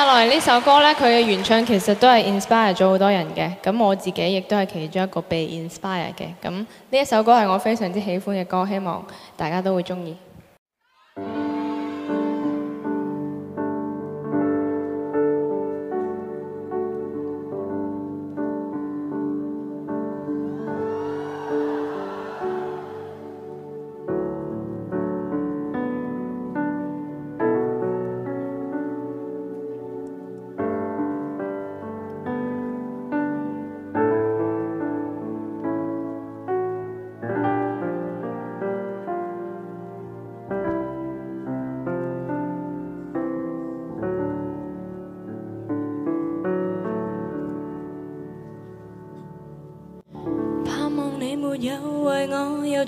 接下來呢首歌咧，佢嘅原唱其實都係 inspire 咗好多人嘅，咁我自己亦都係其中一個被 inspire 嘅。咁呢一首歌係我非常之喜歡嘅歌，希望大家都會中意。